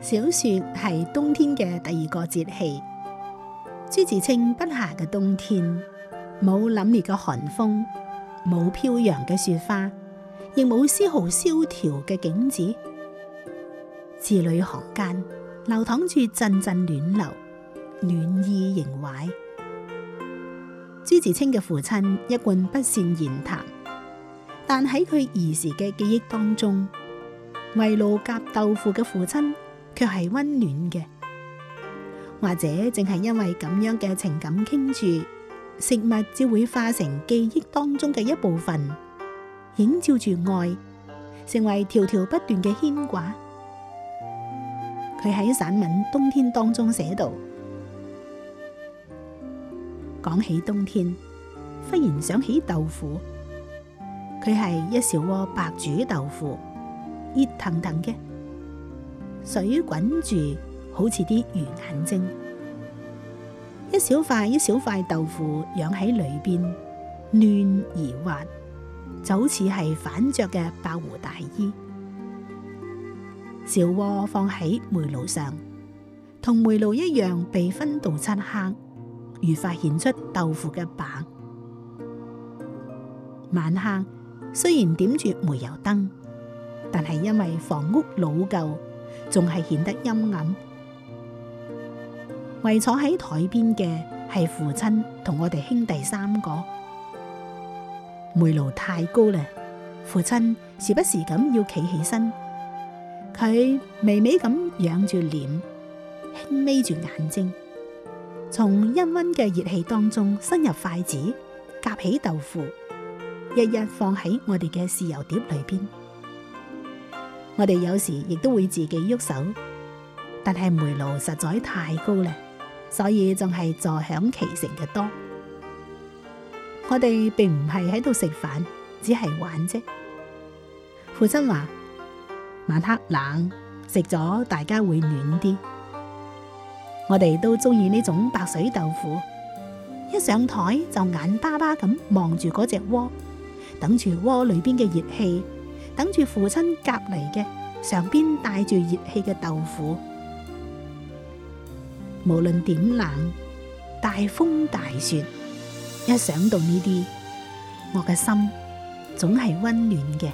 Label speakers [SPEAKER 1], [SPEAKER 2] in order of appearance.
[SPEAKER 1] 小雪係冬天嘅第二個節氣，朱自清筆下嘅冬天，冇凜冽嘅寒風，冇飄揚嘅雪花，亦冇絲毫蕭條嘅景致，字裏行間流淌住陣陣暖流，暖意盈懷。朱自清嘅父親一貫不善言談，但喺佢兒時嘅記憶當中，為露夾豆腐嘅父親卻係溫暖嘅。或者正係因為咁樣嘅情感傾注，食物只會化成記憶當中嘅一部分，映照住愛，成為條條不斷嘅牽掛。佢喺散文《冬天》當中寫道：講起冬天，忽然想起豆腐。佢係一小鍋白煮豆腐，熱騰騰嘅，水滾住，好似啲魚眼睛。一小塊一小塊豆腐養喺裏邊，嫩而滑，就好似係反着嘅白狐大衣。小鍋放喺煤爐上，同煤爐一樣被熏到漆黑。越發顯出豆腐嘅白。晚黑雖然點住煤油燈，但係因為房屋老舊，仲係顯得陰暗。圍坐喺台邊嘅係父親同我哋兄弟三個。煤爐太高啦，父親時不時咁要企起身，佢微微咁仰住臉，輕眯住眼睛。從氤氳嘅熱氣當中伸入筷子夾起豆腐，一一放喺我哋嘅豉油碟裏邊。我哋有時亦都會自己喐手，但係煤爐實在太高咧，所以仲係坐享其成嘅多。我哋並唔係喺度食飯，只係玩啫。父親話：晚黑冷，食咗大家會暖啲。我哋都中意呢種白水豆腐，一上台就眼巴巴咁望住嗰隻鍋，等住鍋裏邊嘅熱氣，等住父親夾嚟嘅上邊帶住熱氣嘅豆腐。無論點冷，大風大雪，一想到呢啲，我嘅心總係温暖嘅。